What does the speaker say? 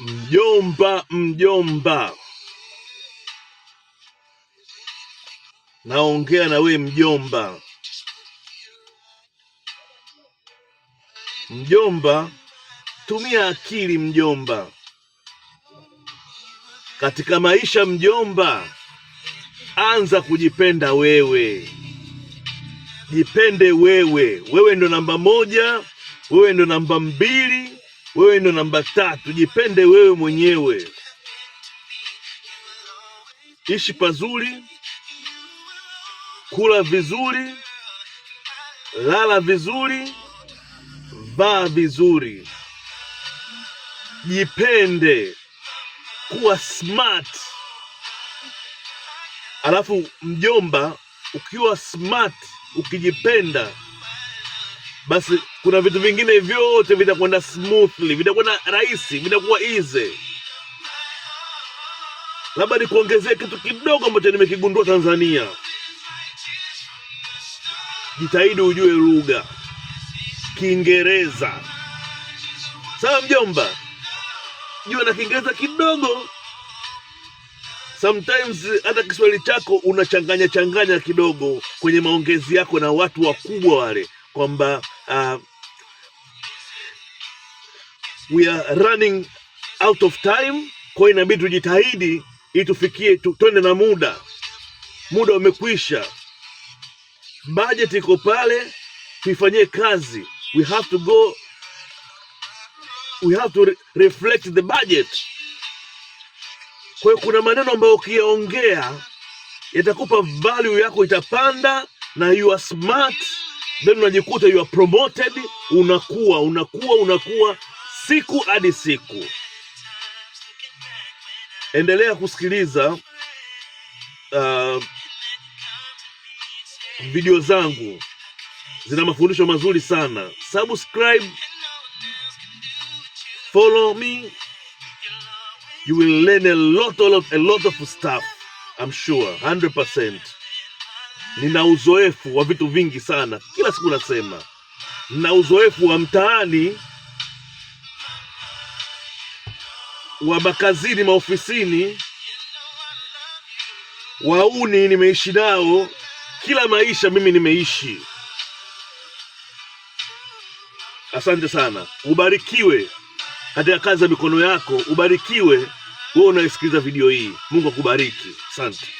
Mjomba, mjomba, naongea na we mjomba. Mjomba, tumia akili mjomba, katika maisha mjomba. Anza kujipenda wewe, jipende wewe. Wewe ndo namba moja, wewe ndo namba mbili wewe ndo namba tatu, jipende wewe mwenyewe, ishi pazuri, kula vizuri, lala vizuri, vaa vizuri, jipende, kuwa smart. Alafu mjomba, ukiwa smart, ukijipenda basi kuna vitu vingine vyote vitakwenda smoothly, vitakwenda rahisi, vitakuwa easy. Labda nikuongezee kitu kidogo ambacho nimekigundua Tanzania. Jitahidi ujue lugha Kiingereza, sawa mjomba? Jua na Kiingereza kidogo. Sometimes hata Kiswahili chako unachanganya changanya kidogo kwenye maongezi yako na watu wakubwa wale kwamba uh, we are running out of time. Kwa hiyo inabidi tujitahidi ili tufikie twende na muda, muda umekwisha, bajeti iko pale, tuifanyie kazi. We have to go, we have to re reflect the budget. Kwa hiyo kuna maneno ambayo ukiyaongea yatakupa value yako itapanda, na you are smart then unajikuta you are promoted, unakuwa unakuwa unakuwa siku hadi siku. Endelea kusikiliza uh, video zangu zina mafundisho mazuri sana. Subscribe, follow me, you will learn a lot, a lot, a lot of stuff I'm sure 100% nina uzoefu wa vitu vingi sana, kila siku nasema nina uzoefu wa mtaani, wa makazini, maofisini, wauni nimeishi nao, kila maisha mimi nimeishi. Asante sana, ubarikiwe katika kazi ya mikono yako, ubarikiwe wewe unayesikiliza video hii. Mungu akubariki. Asante.